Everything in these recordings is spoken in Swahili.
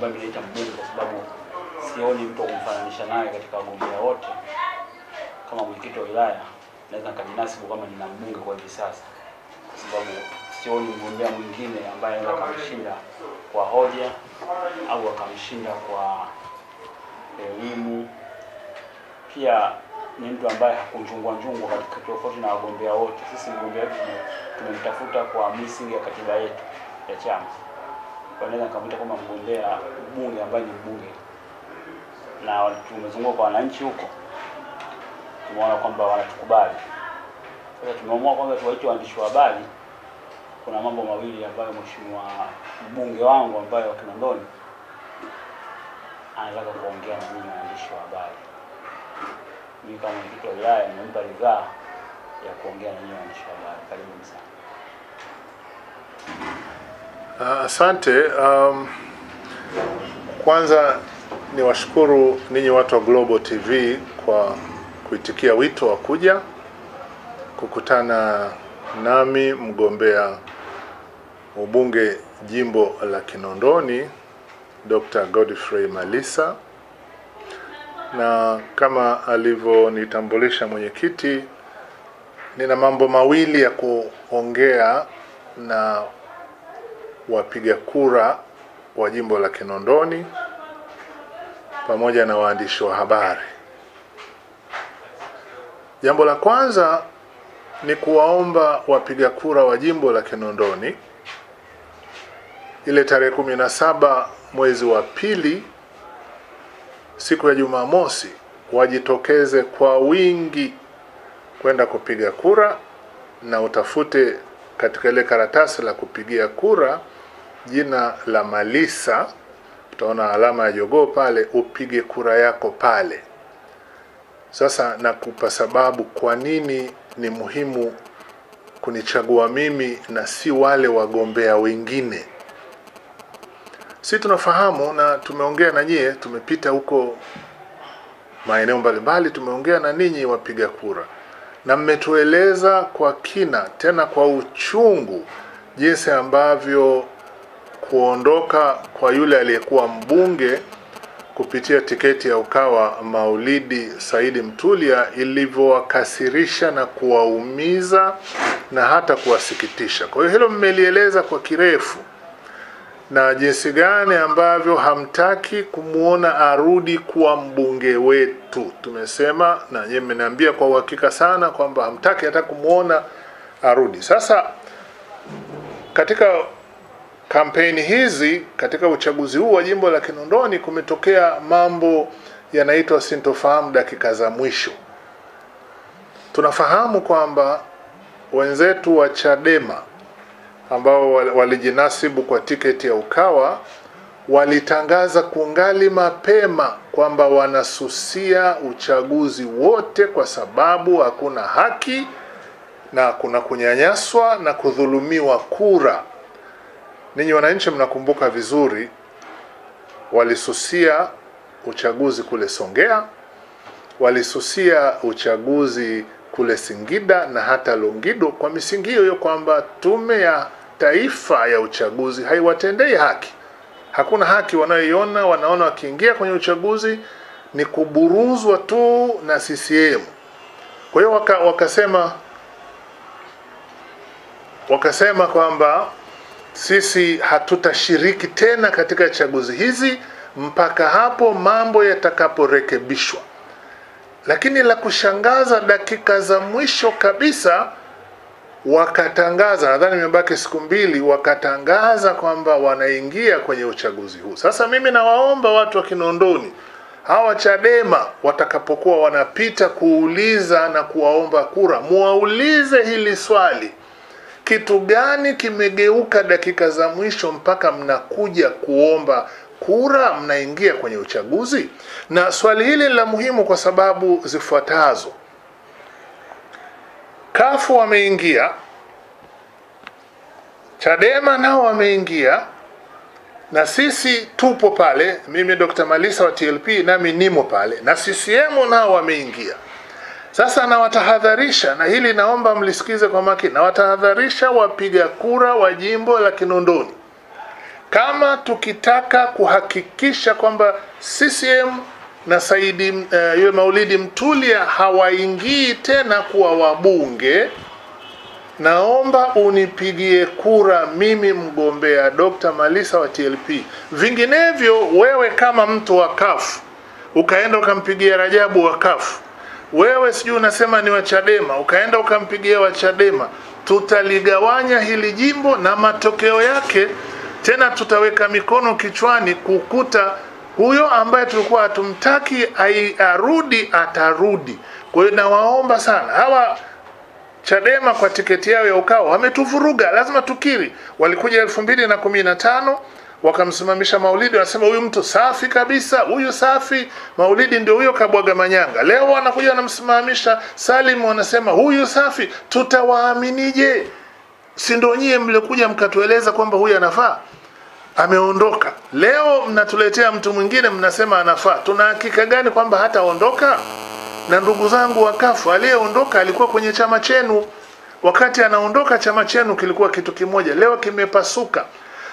ambaye ameleta mbunge, kwa sababu sioni mtu kumfananisha naye katika wagombea wote. Kama mwenyekiti wa wilaya naweza nikajinasibu kama nina mbunge kwa hivi sasa, kwa sababu sioni mgombea mwingine ambaye anaweza akamshinda kwa hoja au akamshinda kwa elimu. Pia ni mtu ambaye hakunjungwa njungwa katika tofauti na wagombea wote. Sisi mgombea wetu tumemtafuta kwa misingi ya katiba yetu ya chama wanaweza kumuita kama mgombea mbunge ambaye ni mbunge, na tumezungua kwa wananchi huko, tumeona kwamba wanatukubali. Sasa tumeamua kwanza tuwaite waandishi wa habari. Kuna mambo mawili ambayo mheshimiwa mbunge wangu ambaye wa Kinondoni anataka kuongea na mimi waandishi wa habari. Mimi kama mwenyekiti wa wilaya nimempa ridhaa ya kuongea na nyinyi waandishi wa habari. Karibuni sana. Uh, asante. Um, kwanza washukuru ninyi watu wa Global TV kwa kuitikia wito wa kuja kukutana nami mgombea ubunge jimbo la Kinondoni Dr. Godfrey Malisa, na kama alivyonitambulisha mwenyekiti, nina mambo mawili ya kuongea na wapiga kura wa jimbo la Kinondoni pamoja na waandishi wa habari. Jambo la kwanza ni kuwaomba wapiga kura wa jimbo la Kinondoni ile tarehe kumi na saba mwezi wa pili siku ya Jumamosi wajitokeze kwa wingi kwenda kupiga kura na utafute katika ile karatasi la kupigia kura jina la Malisa, utaona alama ya jogoo pale, upige kura yako pale. Sasa nakupa sababu kwa nini ni muhimu kunichagua mimi na si wale wagombea wengine. Si tunafahamu na tumeongea na nyie, tumepita huko maeneo mbalimbali, tumeongea na ninyi wapiga kura na mmetueleza kwa kina tena kwa uchungu jinsi ambavyo kuondoka kwa yule aliyekuwa mbunge kupitia tiketi ya Ukawa Maulidi Saidi Mtulia ilivyowakasirisha na kuwaumiza na hata kuwasikitisha. Kwa hiyo hilo mmelieleza kwa kirefu na jinsi gani ambavyo hamtaki kumwona arudi kuwa mbunge wetu. Tumesema na yeye mmeniambia kwa uhakika sana kwamba hamtaki hata kumwona arudi. Sasa katika kampeni hizi, katika uchaguzi huu wa jimbo la Kinondoni kumetokea mambo yanaitwa sintofahamu dakika za mwisho. Tunafahamu kwamba wenzetu wa Chadema ambao walijinasibu kwa tiketi ya Ukawa walitangaza kungali mapema kwamba wanasusia uchaguzi wote kwa sababu hakuna haki na kuna kunyanyaswa na kudhulumiwa kura. Ninyi wananchi mnakumbuka vizuri, walisusia uchaguzi kule Songea, walisusia uchaguzi kule Singida na hata Longido kwa misingi hiyo kwamba tume ya taifa ya uchaguzi haiwatendei haki. Hakuna haki wanayoiona, wanaona wakiingia kwenye uchaguzi ni kuburuzwa tu na CCM. Kwa hiyo waka, wakasema wakasema kwamba sisi hatutashiriki tena katika chaguzi hizi mpaka hapo mambo yatakaporekebishwa. Lakini la kushangaza, dakika za mwisho kabisa wakatangaza, nadhani imebaki siku mbili, wakatangaza kwamba wanaingia kwenye uchaguzi huu. Sasa mimi nawaomba watu wa Kinondoni hawa Chadema watakapokuwa wanapita kuuliza na kuwaomba kura, muwaulize hili swali, kitu gani kimegeuka dakika za mwisho mpaka mnakuja kuomba kura, mnaingia kwenye uchaguzi? Na swali hili la muhimu kwa sababu zifuatazo kafu wameingia Chadema nao wameingia na sisi tupo pale, mimi Dr. Malisa wa TLP nami nimo pale, na CCM nao wameingia. Sasa nawatahadharisha, na hili naomba mlisikize kwa makini, nawatahadharisha wapiga kura wa jimbo la Kinondoni, kama tukitaka kuhakikisha kwamba CCM na Saidi uh, yule Maulidi Mtulia hawaingii tena kuwa wabunge. Naomba unipigie kura mimi mgombea Dr. Malisa wa TLP, vinginevyo wewe kama mtu wa kafu ukaenda ukampigia Rajabu wa kafu wewe sijui unasema ni Wachadema ukaenda ukampigia Wachadema, tutaligawanya hili jimbo na matokeo yake tena tutaweka mikono kichwani kukuta huyo ambaye tulikuwa hatumtaki arudi atarudi kwa hiyo nawaomba sana hawa Chadema kwa tiketi yao ya ukao wametuvuruga, lazima tukiri. Walikuja elfu mbili na kumi na tano wakamsimamisha Maulidi, wanasema huyu mtu safi kabisa, huyu safi. Maulidi ndio huyo kabwaga manyanga. Leo wanakuja wanamsimamisha Salim, wanasema huyu safi. Tutawaaminije? Si ndio nyie mlikuja mkatueleza kwamba huyu anafaa? ameondoka. Leo mnatuletea mtu mwingine, mnasema anafaa. Tuna hakika gani kwamba hataondoka? Na ndugu zangu wakafu, aliyeondoka alikuwa kwenye chama chenu. Wakati anaondoka chama chenu kilikuwa kitu kimoja, leo kimepasuka.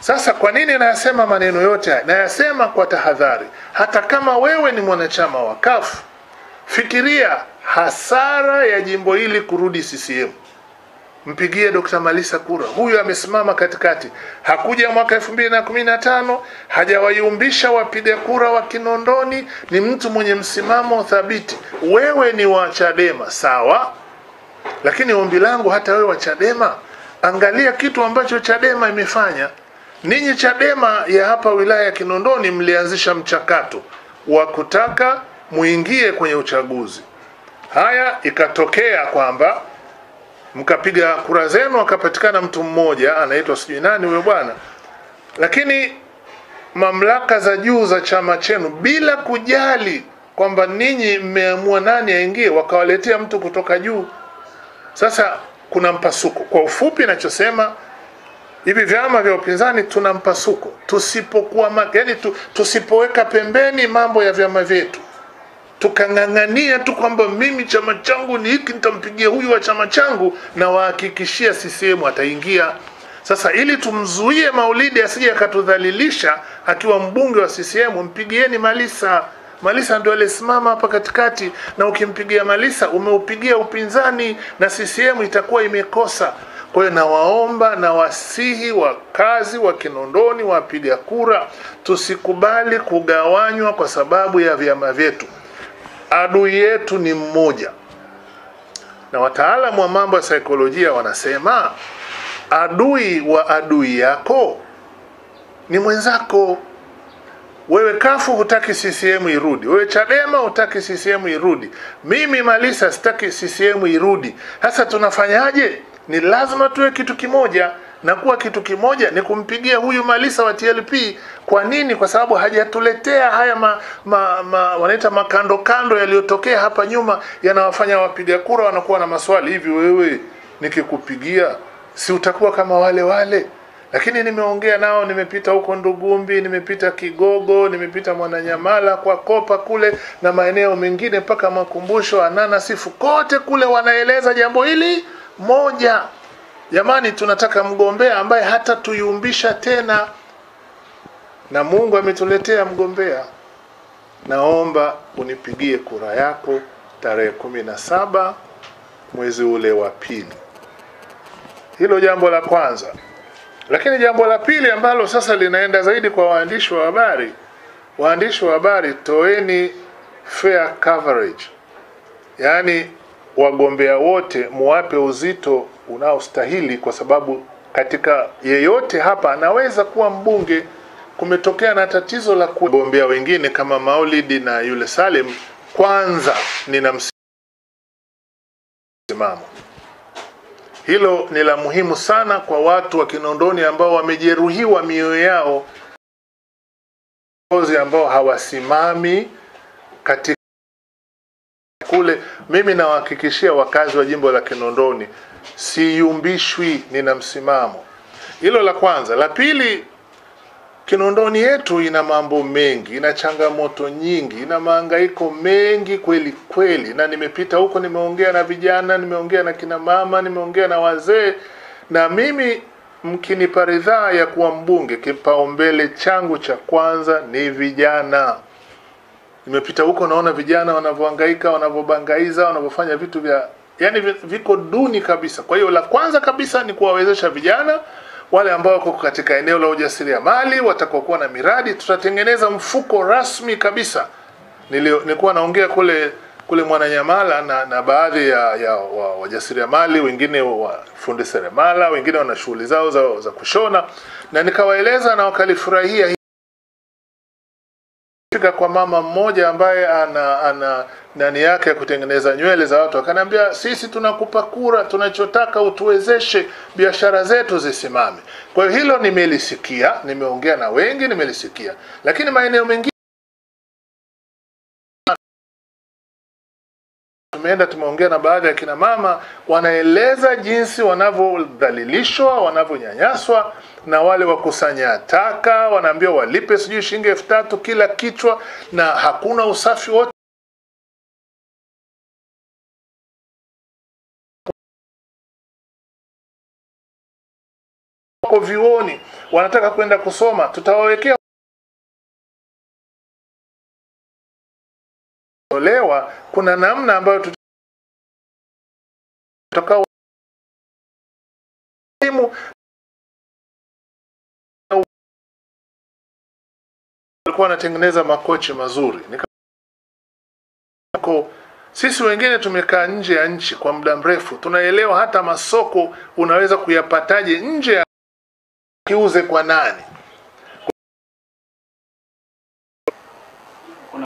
Sasa kwa nini nayasema maneno yote haya? Nayasema kwa tahadhari. Hata kama wewe ni mwanachama wa kafu fikiria hasara ya jimbo hili kurudi CCM mpigie Dr. Malisa kura. Huyu amesimama katikati, hakuja mwaka elfu mbili na kumi na tano, hajawayumbisha wapiga kura wa Kinondoni. Ni mtu mwenye msimamo thabiti. Wewe ni wa Chadema sawa, lakini ombi langu hata wewe wa Chadema, angalia kitu ambacho Chadema imefanya. Ninyi Chadema ya hapa wilaya ya Kinondoni mlianzisha mchakato wa kutaka muingie kwenye uchaguzi. Haya, ikatokea kwamba mkapiga kura zenu, akapatikana mtu mmoja anaitwa sijui nani huyo bwana, lakini mamlaka za juu za chama chenu bila kujali kwamba ninyi mmeamua nani aingie, wakawaletea mtu kutoka juu. Sasa kuna mpasuko. Kwa ufupi, nachosema hivi, vyama vya upinzani tuna mpasuko tusipokuwa yani, tusipoweka pembeni mambo ya vyama vyetu tukang'ang'ania tu kwamba mimi chama changu ni hiki, nitampigia huyu wa chama changu, na wahakikishia CCM ataingia. Sasa ili tumzuie Maulidi asije akatudhalilisha akiwa mbunge wa CCM, mpigieni Malisa. Malisa ndio alisimama hapa katikati, na ukimpigia Malisa umeupigia upinzani, na CCM itakuwa imekosa. Kwa hiyo nawaomba na wasihi wakazi wa Kinondoni, wapiga kura, tusikubali kugawanywa kwa sababu ya vyama vyetu adui yetu ni mmoja na wataalamu wa mambo ya saikolojia wanasema adui wa adui yako ni mwenzako wewe kafu hutaki CCM irudi wewe Chadema hutaki CCM irudi mimi Malisa sitaki CCM irudi sasa tunafanyaje ni lazima tuwe kitu kimoja na kuwa kitu kimoja ni kumpigia huyu Malisa wa TLP. Kwa nini? Kwa sababu hajatuletea haya ma, ma, ma, wanaita makando kando yaliyotokea hapa nyuma, yanawafanya wapiga kura wanakuwa na maswali hivi, wewe nikikupigia si utakuwa kama wale wale? Lakini nimeongea nao, nimepita huko Ndugumbi, nimepita Kigogo, nimepita Mwananyamala kwa Kopa kule na maeneo mengine mpaka makumbusho Anana Sifu, kote kule wanaeleza jambo hili moja Jamani, tunataka mgombea ambaye hata tuyumbisha tena, na Mungu ametuletea mgombea. Naomba unipigie kura yako tarehe kumi na saba mwezi ule wa pili. Hilo jambo la kwanza. Lakini jambo la pili ambalo sasa linaenda zaidi kwa waandishi wa habari, waandishi wa habari, toeni fair coverage, yaani wagombea wote muwape uzito unaostahili kwa sababu katika yeyote hapa anaweza kuwa mbunge kumetokea na tatizo la kugombea wengine kama Maulidi na yule Salim kwanza nina msimamo hilo ni la muhimu sana kwa watu wa Kinondoni ambao wamejeruhiwa mioyo yao viongozi ambao hawasimami katika kule. Mimi nawahakikishia wakazi wa jimbo la Kinondoni siyumbishwi, nina msimamo. Hilo la kwanza. La pili, Kinondoni yetu ina mambo mengi, ina changamoto nyingi, ina mahangaiko mengi kweli kweli, na nimepita huko, nimeongea na vijana, nimeongea na kina mama, nimeongea na wazee, na mimi mkinipa ridhaa ya kuwa mbunge, kipaumbele changu cha kwanza ni vijana. Nimepita huko, naona vijana wanavyohangaika, wanavyobangaiza, wanavyofanya vitu vya yani viko duni kabisa. Kwa hiyo la kwanza kabisa ni kuwawezesha vijana wale ambao wako katika eneo la ujasiriamali watakokuwa na miradi, tutatengeneza mfuko rasmi kabisa. Nilikuwa naongea kule kule Mwananyamala na, na baadhi ya, ya wajasiriamali wa wengine wafundi seremala, wengine wana shughuli zao za, za kushona, na nikawaeleza na wakalifurahia. Fika kwa mama mmoja ambaye ana ana nani yake ya kutengeneza nywele za watu, akaniambia sisi tunakupa kura, tunachotaka utuwezeshe biashara zetu zisimame. Kwa hiyo hilo nimelisikia, nimeongea na wengi, nimelisikia, lakini maeneo mengine tumeenda tumeongea na baadhi ya kina mama, wanaeleza jinsi wanavyodhalilishwa, wanavyonyanyaswa na wale wakusanya taka wanaambiwa walipe sijui shilingi elfu tatu kila kichwa, na hakuna usafi wote wako vioni wanataka kwenda kusoma, tutawawekea olewa Kuna namna ambayo tutakao alikuwa anatengeneza makochi mazuri nika sisi wengine tumekaa nje ya nchi kwa muda mrefu, tunaelewa hata masoko unaweza kuyapataje nje ya kiuze kwa nani.